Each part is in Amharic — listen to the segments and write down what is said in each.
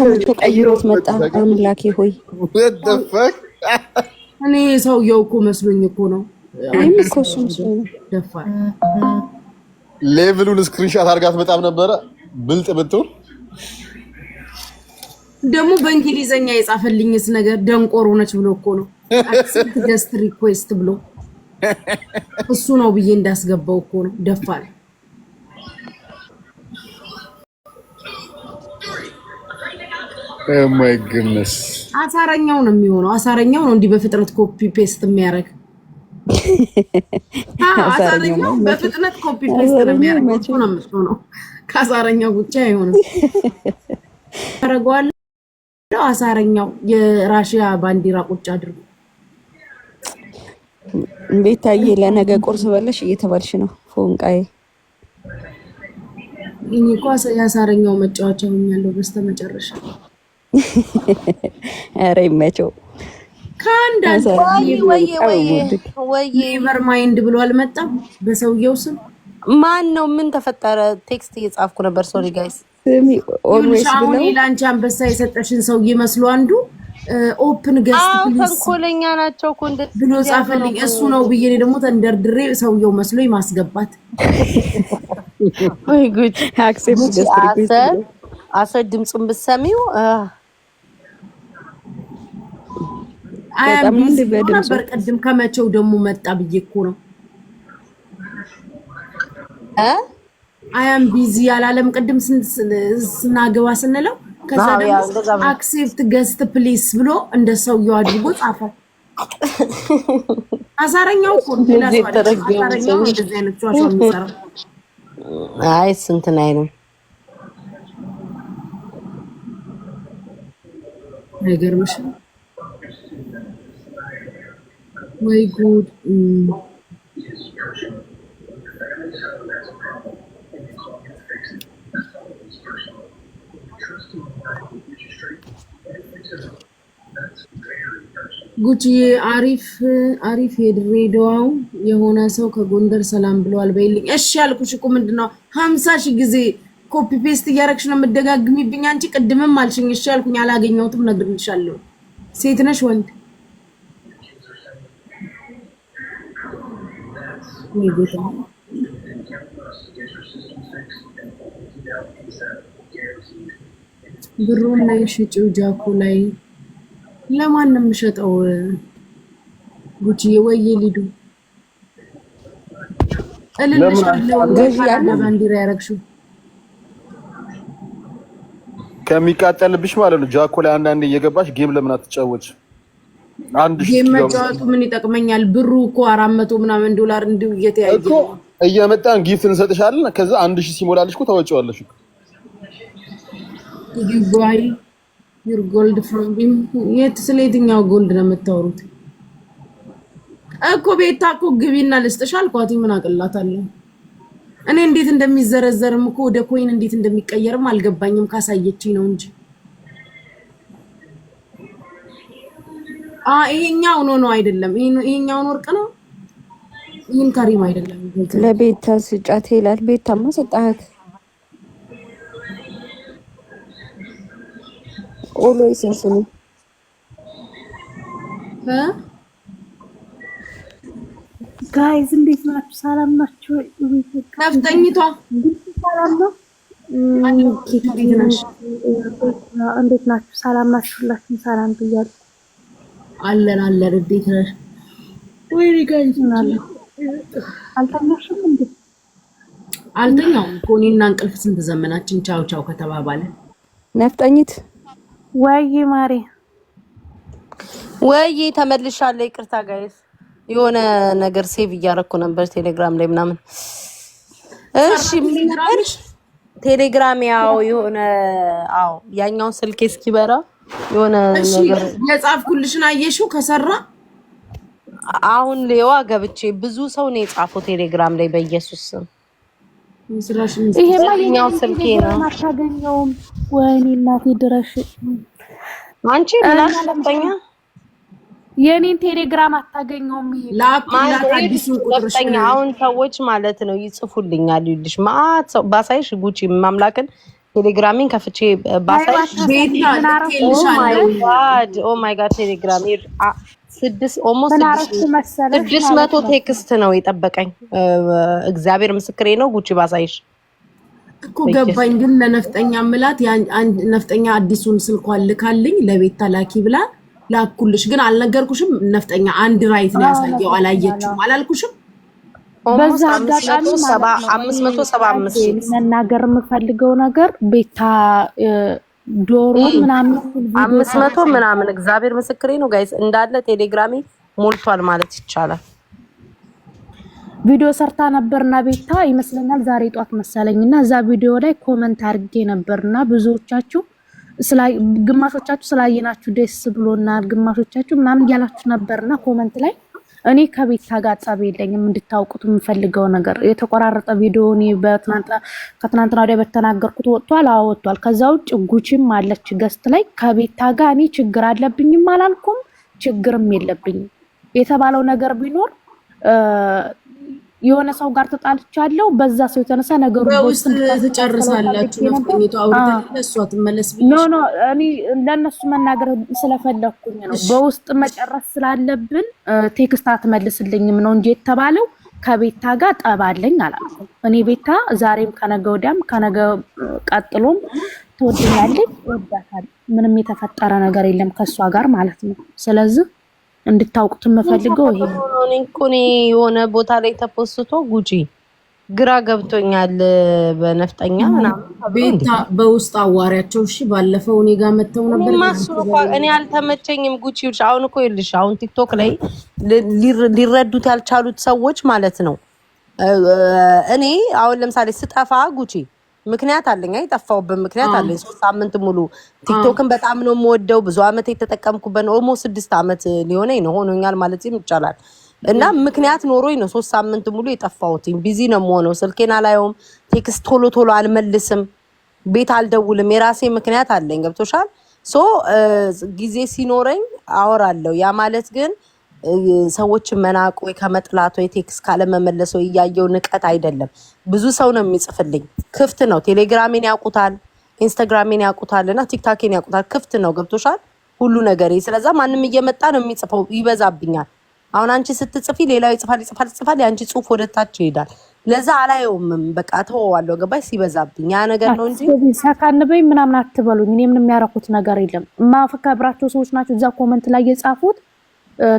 ሰዎች መጣ። አምላኬ ሆይ እኔ ሰውየው እኮ መስሎኝ እኮ ነው። እኔም እኮ እሱ መስሎኝ ሌቭሉን ስክሪንሻት አድርጋት በጣም ነበረ ብልጥ ብትሆን ደግሞ በእንግሊዘኛ የጻፈልኝስ ነገር ደንቆሮ ነች ብሎ እኮ ነው። አክሰፕት ገስት ሪኩዌስት ብሎ እሱ ነው ብዬ እንዳስገባው እኮ ነው ማይገነስ oh አሳረኛው ነው የሚሆነው። አሳረኛው ነው እንዲህ በፍጥነት ኮፒ ፔስት የሚያደርግ አሳረኛው በፍጥነት ኮፒ ፔስት የሚያደርግ ነው የምትሆነው። ከአሳረኛው አይሆንም። አሳረኛው የራሽያ ባንዲራ ቁጭ አድርጎ እንዴት ታዬ ለነገ ቁርስ በለሽ እየተባልሽ ነው ፎንቃዬ። እኔ እኮ መጫወቻ ሆኛለሁ በስተመጨረሻ ኧረ ይመቸው። ከአንዳንድ ኔቨር ማይንድ ብሎ አልመጣም በሰውየው ስም። ማን ነው? ምን ተፈጠረ? ቴክስት እየጻፍኩ ነበር። ሶሪ ጋይስ። አሁን ለአንቺ አንበሳ የሰጠሽን ሰውዬ መስሎ አንዱ ኦፕን ገዝት ተንኮለኛ ናቸው ብሎ ጻፈልኝ። እሱ ነው ብዬ እኔ ደግሞ ተንደርድሬ ሰውየው መስሎኝ ማስገባት። ወይ ጉድ! አሰር ድምፁን ብትሰሚው ነበር ቅድም። ከመቼው ደግሞ መጣ ብዬ እኮ ነው። አያም ቢዚ ያላለም ቅድም ስናገባ ስንለው፣ ከዛ ደግሞ አክሴፕት ገስት ፕሌስ ብሎ እንደ ሰውየው አድርጎ ጻፈ። አሳረኛው አይ ስንትን አይልም ነገር ወይ ጉድ! ጉቺዬ አሪፍ አሪፍ የድሬዳዋው የሆነ ሰው ከጎንደር ሰላም ብለዋል በይልኝ። እሺ ያልኩሽ እኮ ምንድን ነው ሀምሳ ሺህ ጊዜ ኮፒ ፔስት እያደረግሽ ነው የምደጋግሚብኝ። አንቺ ቅድምም አልሽኝ እሺ ያልኩኝ አላገኘሁትም። ነግርልሻለሁ። ሴት ነሽ ወንድ ብሩን ላይ ሽጪው፣ ጃኩ ላይ ለማንም የምሸጠው ጉቺዬ ወይዬ ሊዱ እልልሻለሁ። ባንዲራ ያረግሽው ከሚቃጠልብሽ ማለት ነው። ጃኮ ላይ አንዳንዴ እየገባሽ ጌም ለምን አትጫወች? መጫወቱ ምን ይጠቅመኛል? ብሩ እኮ አራት መቶ ምናምን ዶላር እንዲሁ እየተያየ እየመጣን ጊፍት እንሰጥሻለን። ከዛ አንድ ሺህ ሲሞላልሽ እኮ ታወጪዋለሽ። ዩጓይ ዩር ጎልድ ፍሮም የት ስለ የትኛው ጎልድ ነው የምታወሩት? እኮ ቤታ እኮ ግቢና ልስጥሽ አልኳት። ምን አቅላታለሁ እኔ እንዴት እንደሚዘረዘርም እኮ ወደ ኮይን እንዴት እንደሚቀየርም አልገባኝም። ካሳየችኝ ነው እንጂ ይሄኛው ኖ ነው አይደለም፣ ይሄኛውን ወርቅ ነው። ይህን ከሪም አይደለም። ለቤታ ስጫት ይላል። ቤታማ ሰጣት። ቆሎ ይሰንስኑ ጋይዝ እንዴት ናችሁ? ሰላም ናችሁ? ነፍጠኝቷ ሰላም ነው። እንዴት ናችሁ? ሰላም ናችሁላችሁ? ሰላም ብያለሁ። አለን አለን። እንዴት ነሽ? ወይኔ ጋይስ ምናለሁ አልተኛሽም? እንዴ አልተኛውም እኮ እኔና እንቅልፍ ስንት ዘመናችን። ቻው ቻው ከተባባለ ነፍጠኝት ወይ ማሪ ወይ ተመልሻለሁ። ይቅርታ ጋይስ የሆነ ነገር ሴቭ እያደረኩ ነበር ቴሌግራም ላይ ምናምን። እሺ ቴሌግራም ያው የሆነ አዎ ያኛውን ስልኬ እስኪበራ የሆነ የጻፍኩልሽን አየሽው ከሰራ አሁን ሌዋ ገብቼ ብዙ ሰው ነው የጻፈው ቴሌግራም ላይ በኢየሱስ ስም ይሄኛው ስልኬ ነው አታገኘውም። ወይኔ እናቴ ድረሽ አንቺ የኔን ቴሌግራም አታገኘውም። ይሄ አሁን ሰዎች ማለት ነው ይጽፉልኛል። ባሳይሽ ጉቺ ማምላክን ቴሌግራሚን ከፍቼ ባሳይኦማይ ጋድ ቴሌግራም ስድስት መቶ ቴክስት ነው የጠበቀኝ። እግዚአብሔር ምስክሬ ነው። ጉቺ ባሳይሽ እኮ ገባኝ። ግን ለነፍጠኛ ምላት ነፍጠኛ አዲሱን ስልኳን ልካልኝ ለቤት ተላኪ ብላ ላኩልሽ። ግን አልነገርኩሽም። ነፍጠኛ አንድ ራይት ነው ያሳየው። አላየችውም። አላልኩሽም በዛ አጋጣሚ መናገር የምፈልገው ነገር ቤታ ዶሮ ምናምን አምስት መቶ ምናምን እግዚአብሔር ምስክሬ ነው ጋይስ፣ እንዳለ ቴሌግራሜ ሞልቷል ማለት ይቻላል። ቪዲዮ ሰርታ ነበርና ቤታ ይመስለኛል ዛሬ ጧት መሰለኝ እና እዛ ቪዲዮ ላይ ኮመንት አድርጌ ነበርና ብዙዎቻችሁ ግማሾቻችሁ ስላየናችሁ ደስ ብሎና ግማሾቻችሁ ምናምን እያላችሁ ነበርና ኮመንት ላይ እኔ ከቤታ ጋር ጸብ የለኝም። እንድታውቁት የምፈልገው ነገር የተቆራረጠ ቪዲዮ ከትናንትና ወዲያ በተናገርኩት ወጥቷል። አወጥቷል። ከዛ ውጭ ጉቺም አለች ገስት ላይ ከቤታ ጋር እኔ ችግር አለብኝም አላልኩም፣ ችግርም የለብኝም። የተባለው ነገር ቢኖር የሆነ ሰው ጋር ተጣልቻለሁ። በዛ ሰው የተነሳ ነገሩ ኖ ኖ ለእነሱ መናገር ስለፈለግኩኝ ነው። በውስጥ መጨረስ ስላለብን ቴክስት አትመልስልኝም ነው እንጂ የተባለው ከቤታ ጋር ጠባለኝ አላልኩም እኔ። ቤታ ዛሬም ከነገ ወዲያም ከነገ ቀጥሎም ትወደኛለች፣ ወዳታል። ምንም የተፈጠረ ነገር የለም ከእሷ ጋር ማለት ነው። ስለዚህ እንድታውቁት የምፈልገው ይሄ እኔ የሆነ ቦታ ላይ ተፖስቶ ጉጂ ግራ ገብቶኛል። በነፍጠኛ ቤታ በውስጥ አዋሪያቸው እሺ። ባለፈው እኔ ጋር መተው ነበር። እኔ አልተመቸኝም። ጉቺ አሁን እኮ ይልሽ አሁን ቲክቶክ ላይ ሊረዱት ያልቻሉት ሰዎች ማለት ነው። እኔ አሁን ለምሳሌ ስጠፋ ጉቺ ምክንያት አለኝ የጠፋሁበት ምክንያት አለኝ። ሶስት ሳምንት ሙሉ ቲክቶክን በጣም ነው የምወደው። ብዙ አመት የተጠቀምኩበት ነው። ኦልሞስት ስድስት አመት ሊሆነኝ ነው ሆኖኛል ማለት ይቻላል። እና ምክንያት ኖሮኝ ነው ሶስት ሳምንት ሙሉ የጠፋሁትኝ። ቢዚ ነው የምሆነው። ስልኬን አላየውም። ቴክስት ቶሎ ቶሎ አልመልስም። ቤት አልደውልም። የራሴ ምክንያት አለኝ። ገብቶሻል። ሶ ጊዜ ሲኖረኝ አወራለሁ። ያ ማለት ግን ሰዎችን መናቅ ወይ ከመጥላት ወይ ቴክስ ካለመመለስ ወይ እያየው ንቀት አይደለም። ብዙ ሰው ነው የሚጽፍልኝ። ክፍት ነው። ቴሌግራሜን ያውቁታል፣ ኢንስታግራሜን ያውቁታል እና ቲክታኬን ያውቁታል። ክፍት ነው። ገብቶሻል ሁሉ ነገር። ስለዛ ማንም እየመጣ ነው የሚጽፈው። ይበዛብኛል። አሁን አንቺ ስትጽፊ ሌላው ይጽፋል ይጽፋል ይጽፋል፣ የአንቺ ጽሁፍ ወደታች ይሄዳል። ለዛ አላየውምም። በቃ ተወዋለሁ። ገባሽ? ሲበዛብኝ ያ ነገር ነው እንጂ ሰካንበኝ ምናምን አትበሉኝ። እኔ ምንም ያረኩት ነገር የለም። ማፈካብራቸው ሰዎች ናቸው እዛ ኮመንት ላይ የጻፉት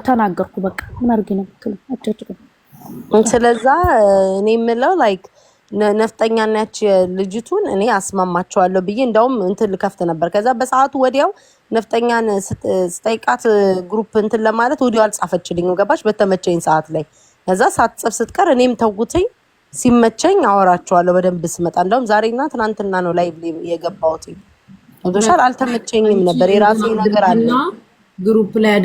ተናገርኩ። በቃ ምን አድርጌ ነው ብትሉ አጨጭቁ። ስለዛ እኔ የምለው ላይክ ነፍጠኛና ያች ልጅቱን እኔ አስማማቸዋለሁ ብዬ እንዳውም እንትን ልከፍት ነበር። ከዛ በሰዓቱ ወዲያው ነፍጠኛን ስጠይቃት ግሩፕ እንትን ለማለት ወዲያው አልጻፈችልኝም። ገባች በተመቸኝ ሰዓት ላይ ከዛ ሳትጽፍ ስትቀር እኔም ተውትኝ ሲመቸኝ አወራቸዋለሁ በደንብ ስመጣ። እንዳውም ዛሬና ትናንትና ነው ላይ የገባሁት ሻል አልተመቸኝም ነበር የራሴ ነገር አለ ግሩፕ ላይ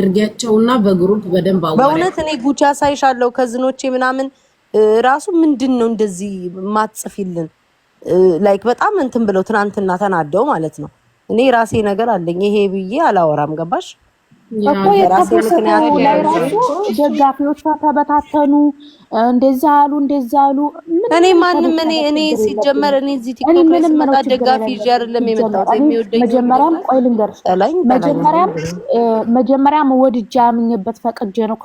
እና በግሩፕ በደንብ አዋሪ። በእውነት እኔ ጉቻ ሳይሻለው ከዝኖቼ ምናምን ራሱ ምንድን ነው እንደዚህ ማጽፊልን ላይክ በጣም እንትን ብለው ትናንትና ተናደው ማለት ነው። እኔ ራሴ ነገር አለኝ ይሄ ብዬ አላወራም። ገባሽ? እኮ የተደሰተው ላይ ራሱ ደጋፊዎቿ ተበታተኑ፣ እንደዛ አሉ፣ እንደዛ አሉ። እኔ ማንም እኔ እኔ ሲጀመር እኔ እዚህ ቲክቶክ ስመጣ ደጋፊ ይዤ አይደለም የመጣሁት። መጀመሪያም ቆይ ልንገርሽ፣ መጀመሪያም መጀመሪያም ወድጄ አምኜበት ፈቅጄ ነው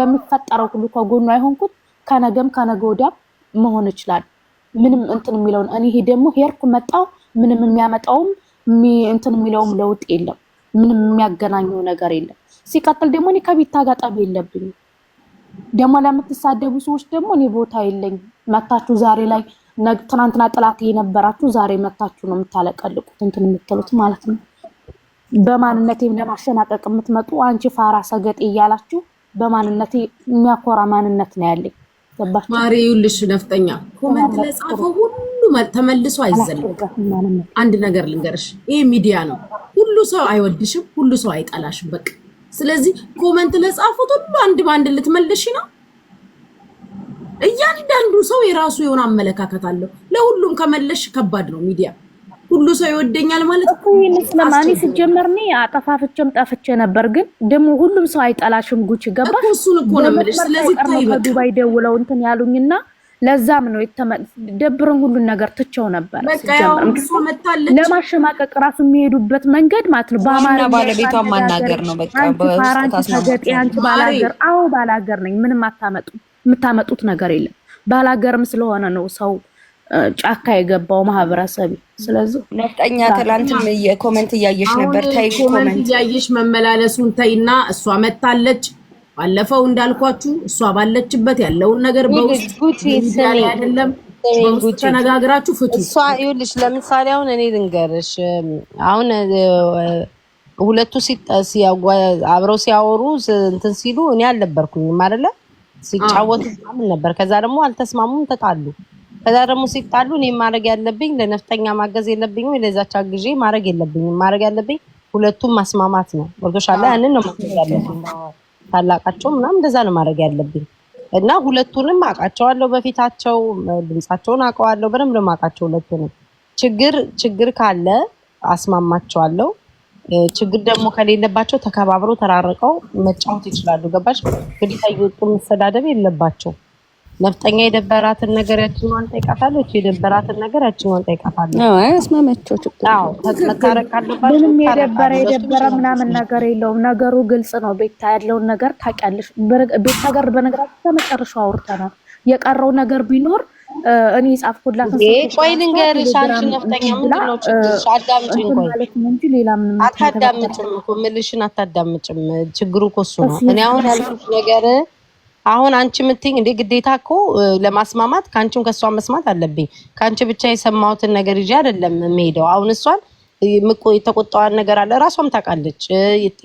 በሚፈጠረው ሁሉ ከጎኑ አይሆንኩት። ከነገም ከነገ ወዲያ መሆን ይችላል። ምንም እንትን የሚለውን እኔ ይሄ ደግሞ ሄድኩ መጣሁ፣ ምንም የሚያመጣውም እንትን የሚለውም ለውጥ የለም። ምንም የሚያገናኘው ነገር የለም። ሲቀጥል ደግሞ እኔ ከቤታ ጋር ጠብ የለብኝም። ደግሞ ለምትሳደቡ ሰዎች ደግሞ እኔ ቦታ የለኝም። መታችሁ ዛሬ ላይ ትናንትና ጥላት የነበራችሁ ዛሬ መታችሁ ነው የምታለቀልቁት እንትን የምትሉት ማለት ነው። በማንነቴም ለማሸማቀቅ የምትመጡ አንቺ ፋራ ሰገጤ እያላችሁ በማንነቴ የሚያኮራ ማንነት ነው ያለኝ። ገባችሁ? ማሪ ይኸውልሽ ነፍጠኛ ኮመንት ለጻፈው ሁሉ ተመልሶ አይዘለም። አንድ ነገር ልንገርሽ፣ ይህ ሚዲያ ነው። ሁሉ ሰው አይወድሽም፣ ሁሉ ሰው አይጠላሽም። በቃ ስለዚህ ኮመንት ለጻፉት ሁሉ አንድ በአንድ ልትመልሽ ነው። እያንዳንዱ ሰው የራሱ የሆነ አመለካከት አለው። ለሁሉም ከመለሽ ከባድ ነው። ሚዲያ ሁሉ ሰው ይወደኛል ማለት ስለማኒ ሲጀመር እኔ አጠፋፍቼም ጠፍቼ ነበር፣ ግን ደግሞ ሁሉም ሰው አይጠላሽም። ጉቺ ገባሽ? እሱን እኮ ነው የምልሽ። ስለዚህ ታይ ደውለው እንትን ያሉኝና ለዛም ነው ደብረን ሁሉን ነገር ትቸው ነበር። ለማሸማቀቅ ራሱ የሚሄዱበት መንገድ ማለት ነው። በአማራ ባለቤቷ ማናገር ነው። በቃ አንቺ ባላገር፣ አዎ ባላገር ነኝ። ምንም አታመጡ፣ የምታመጡት ነገር የለም። ባላገርም ስለሆነ ነው ሰው ጫካ የገባው ማህበረሰብ። ስለዚህ ነፍጠኛ ትላንትም የኮመንት እያየሽ ነበር። ታይ ኮመንት እያየሽ መመላለሱን ተይና፣ እሷ መታለች ባለፈው እንዳልኳችሁ እሷ ባለችበት ያለውን ነገር በውስጥ አይደለም ተነጋግራችሁ ፍቱ። እሷ ይኸውልሽ፣ ለምሳሌ አሁን እኔ ልንገርሽ፣ አሁን ሁለቱ አብረው ሲያወሩ እንትን ሲሉ እኔ አልነበርኩኝም አይደለ? ሲጫወቱ ምናምን ነበር። ከዛ ደግሞ አልተስማሙም፣ ተጣሉ። ከዛ ደግሞ ሲጣሉ እኔ ማድረግ ያለብኝ ለነፍጠኛ ማገዝ የለብኝም፣ ለዛች ጊዜ ማድረግ የለብኝም። ማድረግ ያለብኝ ሁለቱም ማስማማት ነው። ወርዶሻ ላይ ያንን ነው ማድረግ ያለብኝ ታላቃቸው ምናምን እንደዛ ነው ማድረግ ያለብኝ እና ሁለቱንም አውቃቸዋለሁ። በፊታቸው ድምፃቸውን አውቀዋለሁ። በደንብ ነው የማውቃቸው ሁለቱንም። ችግር ችግር ካለ አስማማቸዋለሁ። ችግር ደግሞ ከሌለባቸው ተከባብረው ተራርቀው መጫወት ይችላሉ። ገባሽ? ግዴታ እየወጡ መሰዳደብ የለባቸው ነፍጠኛ የደበራትን ነገር ያችኛዋን ጠይቃታለች፣ የደበራትን ነገር ያችኛዋን ጠይቃታለች። አስማማቸው መታረቅ ካለባቸው ምንም የደበረ የደበረ ምናምን ነገር የለውም። ነገሩ ግልጽ ነው። ቤታ ያለውን ነገር ታውቂያለሽ። ቤታ ጋር በነገራችን ከመጨረሻው አውርተናል። የቀረው ነገር ቢኖር እኔ የጻፍኩላት ቆይ ልንገርሽ፣ አንቺ ነፍጠኛ ምንድን ነው ችግርሽ? አዳምጪኝ። ቆይ አታዳምጭም እኮ ምልሽን አታዳምጭም። ችግሩ እኮ እሱ ነው። እኔ አሁን ያልኩሽ ነገር አሁን አንቺ የምትይኝ እንደ ግዴታ እኮ ለማስማማት ከአንቺም ከእሷን መስማት አለብኝ። ከአንቺ ብቻ የሰማሁትን ነገር ይዤ አይደለም የምሄደው። አሁን እሷን ምቆ የተቆጣዋን ነገር አለ እራሷም ታውቃለች።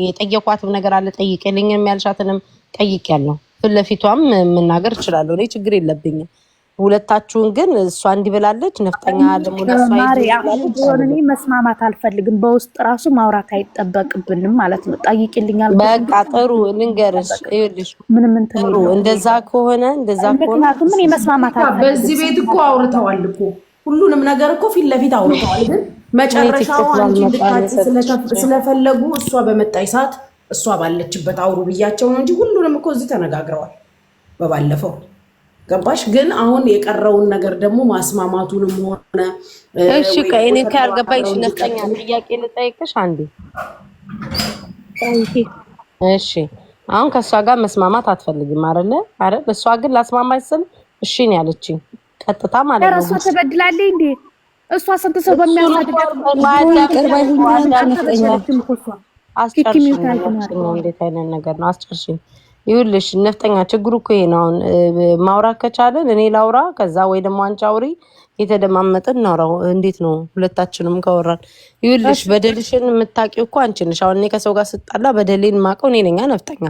የጠየኳትም ነገር አለ ጠይቄልኝም የሚያልሻትንም ጠይቄያለሁ። ፊት ለፊቷም መናገር እችላለሁ። እኔ ችግር የለብኝም። ሁለታችሁን ግን እሷ እንዲብላለች ነፍጠኛ ደግሞ ለእሷ መስማማት አልፈልግም። በውስጥ ራሱ ማውራት አይጠበቅብንም ማለት ነው። ጠይቅልኛል። በቃ ጥሩ ልንገርሽ፣ ይኸውልሽ ምንም እንትን ጥሩ እንደዛ ከሆነ እንደዛ ከሆነ ምን የመስማማት በዚህ ቤት እኮ አውርተዋል እኮ ሁሉንም ነገር እኮ ፊት ለፊት አውርተዋል። ግን መጨረሻው አንቺ ስለፈለጉ እሷ በመጣይ ሰዓት እሷ ባለችበት አውሩ ብያቸው ነው እንጂ ሁሉንም እኮ እዚህ ተነጋግረዋል በባለፈው ገባሽ? ግን አሁን የቀረውን ነገር ደግሞ ማስማማቱንም ሆነ እሺ፣ ከእኔ ካልገባሽ ነጠኛ ጥያቄ ልጠይቅሽ አንዴ። እሺ፣ አሁን ከእሷ ጋር መስማማት አትፈልግም አይደለ? አረ እሷ ግን ላስማማች ስል እሺ ነው ያለችኝ፣ ቀጥታ ማለት ነው። እሷ ተበድላለች እንዴ? እሷ ስንት ሰው በሚያሳድጋት ነው። እንዴት አይነት ነገር ነው? አስጨርሽኝ ይኸውልሽ ነፍጠኛ ችግሩ እኮ ይሄ ነው። አሁን ማውራት ከቻለን እኔ ላውራ፣ ከዛ ወይ ደግሞ አንቺ አውሪ፣ የተደማመጠ እናውራው። እንዴት ነው ሁለታችንም ካወራን? ይኸውልሽ በደልሽን የምታውቂው እኮ አንቺ ነሽ። አሁን እኔ ከሰው ጋር ስጣላ በደሌን ማቀው እኔ ነኝ። ነፍጠኛ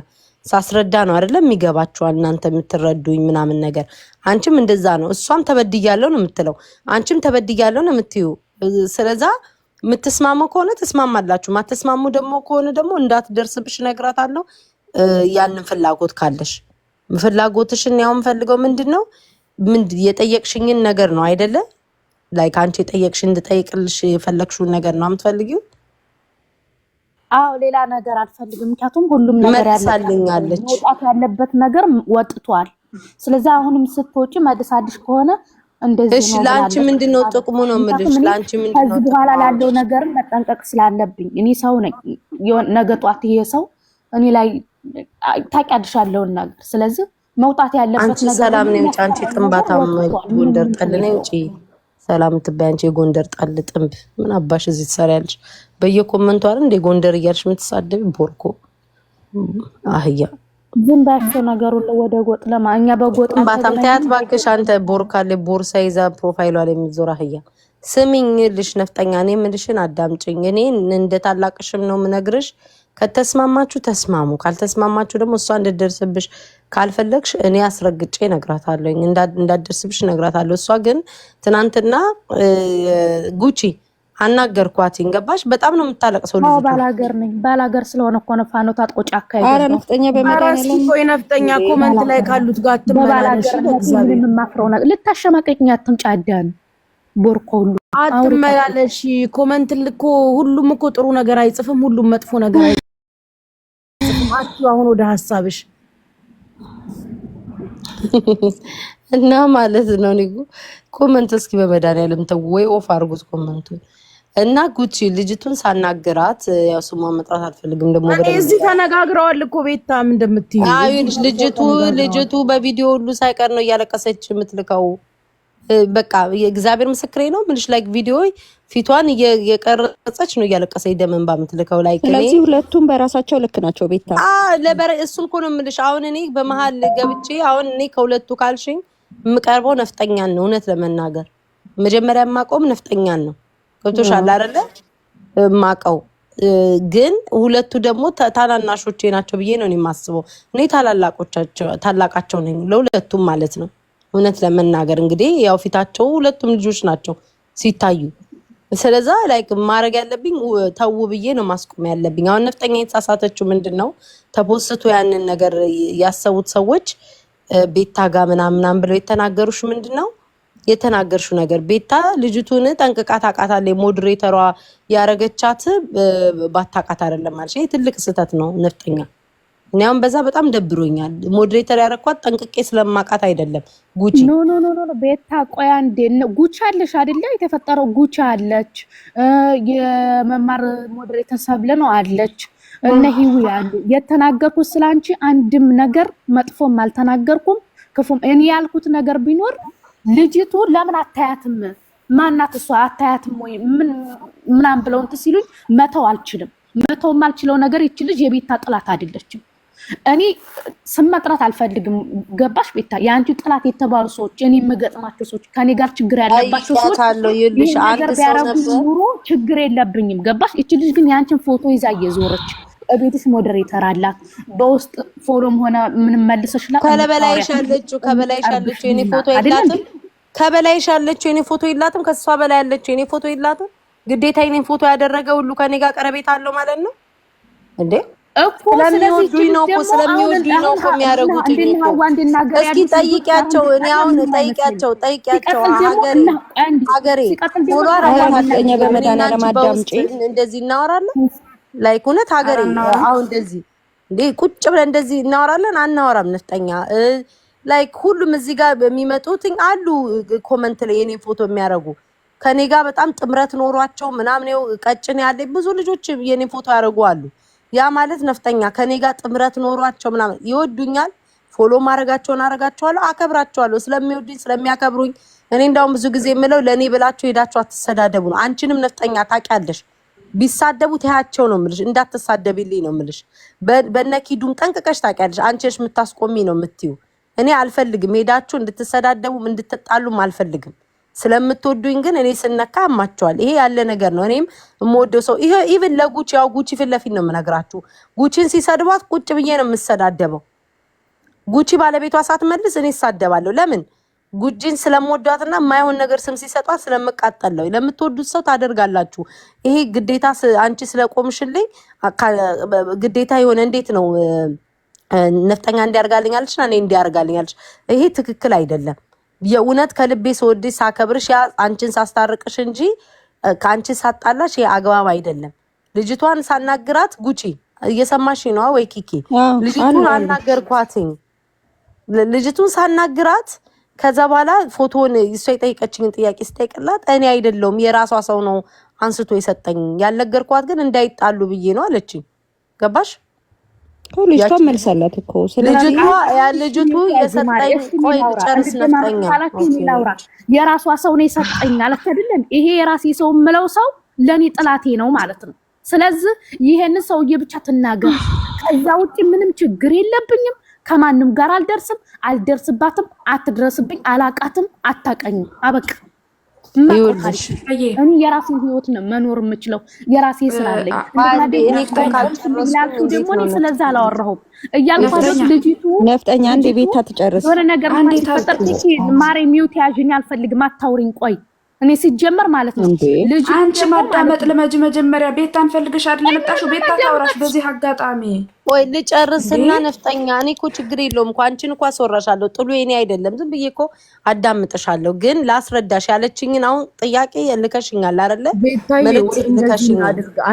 ሳስረዳ ነው አይደለም ይገባችኋል፣ እናንተ የምትረዱኝ ምናምን ነገር። አንቺም እንደዛ ነው። እሷም ተበድያለሁ ነው የምትለው፣ አንቺም ተበድያለሁ ነው የምትዩ። ስለዛ የምትስማሙ ከሆነ ትስማማላችሁ፣ ማትስማሙ ደግሞ ከሆነ ደግሞ እንዳትደርስብሽ እነግራታለሁ ያንን ፍላጎት ካለሽ ፍላጎትሽን ያው የምፈልገው ምንድን ነው የጠየቅሽኝን ነገር ነው አይደለ? ላይክ አንቺ የጠየቅሽ እንድጠይቅልሽ የፈለግሽውን ነገር ነው የምትፈልጊው? አዎ ሌላ ነገር አልፈልግም። ምክንያቱም ሁሉም ነገር ያለሳልኛለች መውጣት ያለበት ነገር ወጥቷል። ስለዚህ አሁንም ስትወጪ መድሳድሽ ከሆነ እንደዚህ ለአንቺ ምንድን ነው ጥቅሙ ነው የምልሽ። ለአንቺ ምንድን ነው ከዚህ በኋላ ላለው ነገር መጠንቀቅ ስላለብኝ እኔ ሰው ነኝ። ነገ ጧት ይሄ ሰው እኔ ላይ ታውቂያለሽ ያለውን ነገር። ስለዚህ መውጣት ያለበት አንቺ ሰላም ነኝ እንጂ አንቺ ጥንባታ ጎንደር ጠል ነኝ እንጂ ሰላም ትባይ አንቺ የጎንደር ጣል ጥንብ ምን አባሽ እዚህ ትሰሪያለሽ? በየኮመንቱ አይደል እንደ ጎንደር እያልሽ የምትሳደቢ ቦርኮ አህያ ዝም ባያቸው ነገሩ ወደ ጎጥ ለማ እኛ በጎጥ ባታም ታያት ባክሽ። አንተ ቦርካለ ቦርሳ ይዛ ፕሮፋይሏ ላይ የሚዞር አህያ ስሚኝ ልሽ ነፍጠኛ እኔ ምልሽን አዳምጭኝ። እኔ እንደ ታላቅሽም ነው ምነግርሽ ከተስማማችሁ ተስማሙ፣ ካልተስማማችሁ ደግሞ እሷ እንድደርስብሽ ካልፈለግሽ እኔ አስረግጬ ነግራታለኝ፣ እንዳደርስብሽ ነግራታለሁ። እሷ ግን ትናንትና ጉቺ አናገርኳትኝ ይንገባሽ። በጣም ነው የምታለቅሰው። ልጅ ባላገር ነኝ ባላገር ስለሆነ እኮ ነው ፋኖ ታጥቆ ጫካ ይሄ ነፍጠኛ በመዳን ነፍጠኛ ኮመንት ላይ ካሉት ጋር አትመላለሽ። ምንም የማፍረው ነገር ልታሸማቀቅኝ አትምጪ። ቦርኮ ሁሉ አትመላለሽ። ኮመንት ልኮ ሁሉም እኮ ጥሩ ነገር አይጽፍም፣ ሁሉም መጥፎ ነገር አይ አችሁ አሁን ወደ ሀሳብሽ እና ማለት ነው። ኒጉ ኮመንት እስኪ በመድኃኒዓለም ተው ወይ ኦፍ አድርጉት ኮመንቱን። እና ጉቺ ልጅቱን ሳናግራት ያው ስሟ መጥራት አልፈልግም። ደግሞ እዚህ ተነጋግረዋል እኮ ቤታም እንደምትይ ልጅቱ ልጅቱ በቪዲዮ ሁሉ ሳይቀር ነው እያለቀሰች የምትልከው። በቃ የእግዚአብሔር ምስክሬ ነው። ምንሽ ላይክ ቪዲዮ ፊቷን እየቀረጸች ነው እያለቀሰ ደመንባ የምትልከው ላይ ስለዚህ ሁለቱም በራሳቸው ልክ ናቸው። ቤታ ለበረ እሱን እኮ ነው የምልሽ። አሁን እኔ በመሀል ገብቼ አሁን እኔ ከሁለቱ ካልሽኝ የምቀርበው ነፍጠኛን ነው። እውነት ለመናገር መጀመሪያ የማቆም ነፍጠኛን ነው። ገብቶሻል አይደለ? ማቀው ግን ሁለቱ ደግሞ ታናናሾቼ ናቸው ብዬ ነው የማስበው። እኔ ታላላቆቻቸው ታላቃቸው ነኝ ለሁለቱም ማለት ነው። እውነት ለመናገር እንግዲህ ያው ፊታቸው ሁለቱም ልጆች ናቸው ሲታዩ። ስለዛ ላይክ ማድረግ ያለብኝ ተው ብዬ ነው ማስቆም ያለብኝ። አሁን ነፍጠኛ የተሳሳተችው ምንድን ነው ተፖስቶ ያንን ነገር ያሰቡት ሰዎች ቤታ ጋ ምናምናም ብለው የተናገሩሽ ምንድን ነው የተናገርሽው ነገር ቤታ ልጅቱን ጠንቅቃ ታውቃታለች። ሞድሬተሯ ያረገቻት ባታውቃት አይደለም ማለት ትልቅ ስህተት ነው ነፍጠኛ እኔ አሁን በዛ በጣም ደብሮኛል። ሞዴሬተር ያረኳት ጠንቅቄ ስለማቃት አይደለም። ጉቺ ኖ ኖ ኖ ኖ ቤታ ቆያ እንዴነ ጉቺ አለሽ አይደለ? የተፈጠረው ጉቺ አለች፣ የመማር ሞዴሬተር ሰብለ ነው አለች፣ እነ ሂዊ አሉ። የተናገርኩት ስላንቺ አንድም ነገር መጥፎም አልተናገርኩም ክፉም። እኔ ያልኩት ነገር ቢኖር ልጅቱ ለምን አታያትም ማናት እሷ አታያትም ወይ ምን ምናምን ብለው እንትን ሲሉኝ መተው አልችልም። መተው የማልችለው ነገር ይቺ ልጅ የቤታ ጥላት አይደለችም። እኔ ስም መጥራት አልፈልግም። ገባሽ ቤታ? የአንቺ ጥላት የተባሉ ሰዎች፣ እኔ የምገጥማቸው ሰዎች፣ ከኔ ጋር ችግር ያለባቸው ሰዎች ይህ ነገር ቢያረጉ ኑሮ ችግር የለብኝም። ገባሽ? እቺ ልጅ ግን የአንቺን ፎቶ ይዛ እየዞረች ቤትስ ሞደሬተር አላት። በውስጥ ፎሎም ሆነ ምንም መልሰሽ ላ ከበላይሽ አለችው ከበላይሽ አለችው የኔ ፎቶ የላትም። ከበላይሽ አለችው የኔ ፎቶ የላትም። ከሷ በላይ ያለች የኔ ፎቶ የላትም። ግዴታ የኔን ፎቶ ያደረገ ሁሉ ከኔ ጋር ቀረቤት አለው ማለት ነው እንዴ? እኮ ስለሚወዱኝ ነው እኮ ስለሚወዱኝ ነው እኮ የሚያደርጉት። እስኪ ጠይቂያቸው። እኔ አሁን ጠይቂያቸው ጠይቂያቸው። ሀገሬ ሙሉ እንደዚህ እናወራለን ላይክ እውነት ሀገሬ አሁን እንደዚህ እንዴ ቁጭ ብለን እንደዚህ እናወራለን አናወራም። ነፍጠኛ ላይክ ሁሉም እዚህ ጋር የሚመጡት አሉ። ኮመንት ላይ የኔ ፎቶ የሚያደርጉ ከኔ ጋር በጣም ጥምረት ኖሯቸው ምናምን ቀጭን ያለ ብዙ ልጆች የኔ ፎቶ ያደርጉ አሉ። ያ ማለት ነፍጠኛ ከኔ ጋር ጥምረት ኖሯቸው ምናምን ይወዱኛል። ፎሎ ማድረጋቸውን አረጋቸዋለሁ፣ አከብራቸዋለሁ። ስለሚወዱኝ ስለሚያከብሩኝ እኔ እንዳውም ብዙ ጊዜ የምለው ለእኔ ብላቸው ሄዳቸው አትሰዳደቡ ነው። አንቺንም ነፍጠኛ ታውቂያለሽ። ቢሳደቡ ታያቸው ነው ምልሽ፣ እንዳትሳደብልኝ ነው ምልሽ። በነኪዱም ጠንቅቀሽ ታውቂያለሽ። አንቺሽ የምታስቆሚ ነው የምትዩ። እኔ አልፈልግም ሄዳችሁ እንድትሰዳደቡም እንድትጣሉም አልፈልግም። ስለምትወዱኝ ግን እኔ ስነካ አማቸዋል። ይሄ ያለ ነገር ነው። እኔም የምወደው ሰው ይሄ ኢቭን ለጉቺ ያው ጉቺ ፊት ለፊት ነው የምነግራችሁ። ጉቺን ሲሰድባት ቁጭ ብዬ ነው የምሰዳደበው። ጉቺ ባለቤቷ ሳትመልስ እኔ እሳደባለሁ። ለምን ጉጂን ስለምወዷትና የማይሆን ነገር ስም ሲሰጧት ስለምቃጠለው። ለምትወዱት ሰው ታደርጋላችሁ። ይሄ ግዴታ አንቺ ስለቆምሽልኝ ግዴታ የሆነ እንዴት ነው ነፍጠኛ እንዲያርጋልኛለች ና እኔ እንዲያርጋልኛለች። ይሄ ትክክል አይደለም። የእውነት ከልቤ ስወድሽ ሳከብርሽ ያ አንቺን ሳስታርቅሽ እንጂ ከአንቺን ሳጣላሽ ይሄ አግባብ አይደለም። ልጅቷን ሳናግራት ጉጪ እየሰማሽ ነዋ ወይ ኪኪ? ልጅቱን አናገርኳትኝ። ልጅቱን ሳናግራት ከዛ በኋላ ፎቶን እሷ የጠየቀችኝን ጥያቄ ስጠይቅላት እኔ አይደለውም የራሷ ሰው ነው አንስቶ የሰጠኝ ያልነገርኳት ግን እንዳይጣሉ ብዬ ነው አለችኝ። ገባሽ? ልጅቷ መልሳላት እኮ ስለልጅቷ ልጅቱ የሰጠኝ ቆይ ጨርስ ነፍጠኛል የራሷ ሰው ነው የሰጠኝ አለች አይደለም ይሄ የራሴ ሰው የምለው ሰው ለእኔ ጥላቴ ነው ማለት ነው ስለዚህ ይሄን ሰውዬ ብቻ ትናገር ከዛ ውጭ ምንም ችግር የለብኝም ከማንም ጋር አልደርስም አልደርስባትም አትድረስብኝ አላቃትም አታቀኝም አበቃ እኔ የራሴ ህይወት ነው መኖር የምችለው። የራሴ ስራ አለኝ። ደግሞ እኔ ስለዛ አላወራሁም ልጅቱ ነፍጠኛ ቤታ ትጨርስ የሆነ ነገር ማሬ ሚውት ያዥኝ አልፈልግም፣ አታውሪኝ ቆይ እኔ ሲጀመር ማለት ነው አንቺ ማዳመጥ ልመጅ መጀመሪያ ቤታ እንፈልግሽ አይደል የመጣሽው ቤታ ታውራሽ በዚህ አጋጣሚ ወይ ልጨርስና ነፍጠኛ እኔ እኮ ችግር የለውም እኮ አንቺን እኮ አስወራሻለሁ ጥሉ የኔ አይደለም ዝም ብዬ እኮ አዳምጥሻለሁ ግን ላስረዳሽ ያለችኝን አሁን ጥያቄ ልከሽኛል አይደለ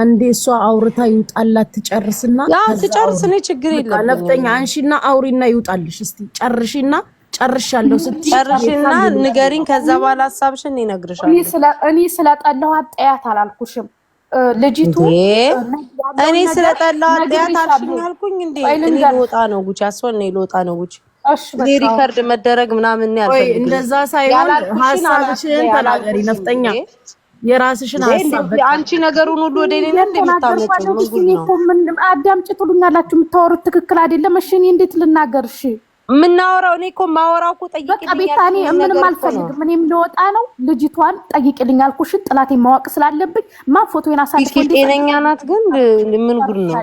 አንዴ እሷ አውርታ ይውጣላት ትጨርስና ትጨርስ እኔ ችግር የለም ነፍጠኛ አንሺና አውሪና ይውጣልሽ እስቲ ጨርሽና ጨርሻለሁ ስትይ ጨርሽና ንገሪን። ከዛ በኋላ ሀሳብሽን ይነግርሻል። እኔ ስለጠላሁ አጠያት አላልኩሽም። ልጅቱ እኔ ስለጠላሁ አጠያት አልሽኝ አልኩኝ። እንዴ እኔ ልወጣ ነው ጉቺ፣ አስወን እኔ ልወጣ ነው ጉቺ። እኔ ሪከርድ መደረግ ምናምን ያልኩኝ እንደዛ ሳይሆን ሀሳብሽን ተናገሪ ነፍጠኛ የራስሽን ሀሳብ አንቺ ነገሩን ሁሉ ወደ እኔ ሌላ ምን አዳምጪ ትሉኛላችሁ። የምታወሩት ትክክል አይደለም። እሺ እኔ እንዴት ልናገርሽ? የምናወራው እኔ እኮ ማወራው እኮ ጠይቅልኝ። በቃ ቤታ እኔ ምንም አልፈልግም። እኔም ልወጣ ነው። ልጅቷን ጠይቅልኝ አልኩሽን ጥላቴ ማወቅ ስላለብኝ ማን ፎቶዬን አሳልፎ ጤነኛ ናት። ግን ምን ጉድ ነው?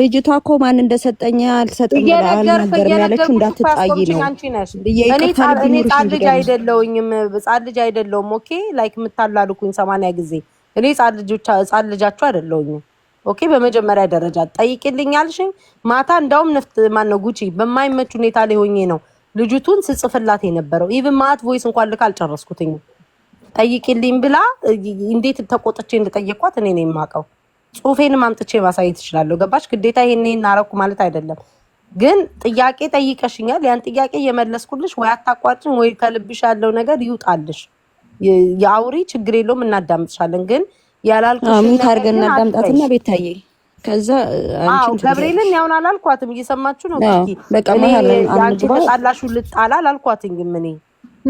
ልጅቷ እኮ ማን እንደሰጠኝ አልሰጥም ያለች እንዳትጣይ ነው። እኔ ጻድ ልጅ አይደለውኝም፣ ጻድ ልጅ አይደለውም። ኦኬ ላይክ የምታላልኩኝ ሰማንያ ጊዜ እኔ ጻድ ልጃችሁ አይደለውኝም። ኦኬ በመጀመሪያ ደረጃ ጠይቅልኝ አልሽኝ። ማታ እንዳውም ነፍት ማነው ጉቺ በማይመች ሁኔታ ላይ ሆኜ ነው ልጅቱን ስጽፍላት የነበረው። ኢቭን ማት ቮይስ እንኳን ልክ አልጨረስኩትኝ ጠይቅልኝ ብላ እንዴት ተቆጥቼ እንደጠየኳት እኔ ነው የማውቀው። ጽሁፌንም አምጥቼ ማሳየት እችላለሁ። ገባሽ? ግዴታ ይሄን እናረኩ ማለት አይደለም። ግን ጥያቄ ጠይቀሽኛል። ያን ጥያቄ እየመለስኩልሽ ወይ አታቋጭም ወይ ከልብሽ ያለው ነገር ይውጣልሽ። የአውሪ ችግር የለውም እናዳምጥሻለን ግን ያላልኩሽ ሚት አድርገን እናዳምጣትና ቤታዬ ከዛ አንቺ ገብርኤልን ያውን አላልኳትም። እየሰማችሁ ነው። በቃ መሀል አንቺ ተጣላሹ ልጣላ አላልኳትም። ግን ምን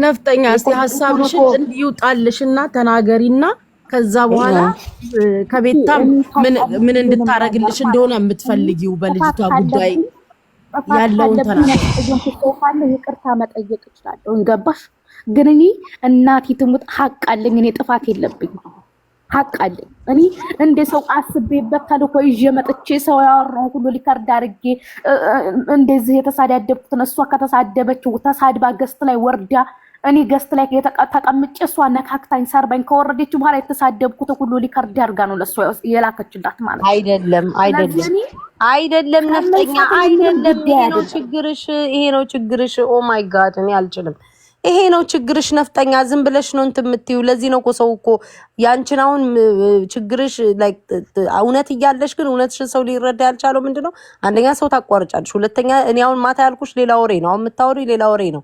ነፍጠኛ እስቲ ሀሳብሽን እንዲውጣልሽና ተናገሪና ከዛ በኋላ ከቤታ ምን እንድታረግልሽ እንደሆነ የምትፈልጊው በልጅቷ ጉዳይ ያለውን ተናገሪ። ይቅርታ መጠየቅ እችላለሁ። ገባሽ? ግን እኔ እናቴ ትሙት ሀቅ አለኝ። እኔ ጥፋት የለብኝም። አቃለኝ እኔ እንደ ሰው አስቤበት ተልኮ ይዤ መጥቼ ሰው ያወራውን ሁሉ ሊከርድ አድርጌ እንደዚህ የተሳዳደብኩትን እሷ ከተሳደበችው ተሳድባ ገስት ላይ ወርዳ እኔ ገስት ላይ ተቀምጬ እሷ ነካክታኝ ሰርባኝ ከወረደችው በኋላ የተሳደብኩት ሁሉ ሊከርድ አድርጋ ነው ለእሷ የላከችላት ማለት ነው። አይደለም አይደለም አይደለም ነፍጠኛ አይደለም። ይሄ ነው ችግርሽ፣ ይሄ ነው ችግርሽ። ኦ ማይ ጋድ እኔ አልችልም። ይሄ ነው ችግርሽ። ነፍጠኛ ዝም ብለሽ ነው እንትን የምትይው። ለዚህ ነው እኮ ሰው እኮ ያንቺን አሁን ችግርሽ እውነት እያለሽ ግን እውነትሽን ሰው ሊረዳ ያልቻለው ምንድነው? አንደኛ ሰው ታቋርጫለሽ፣ ሁለተኛ እኔ አሁን ማታ ያልኩሽ ሌላ ወሬ ነው። አሁን የምታወሪ ሌላ ወሬ ነው።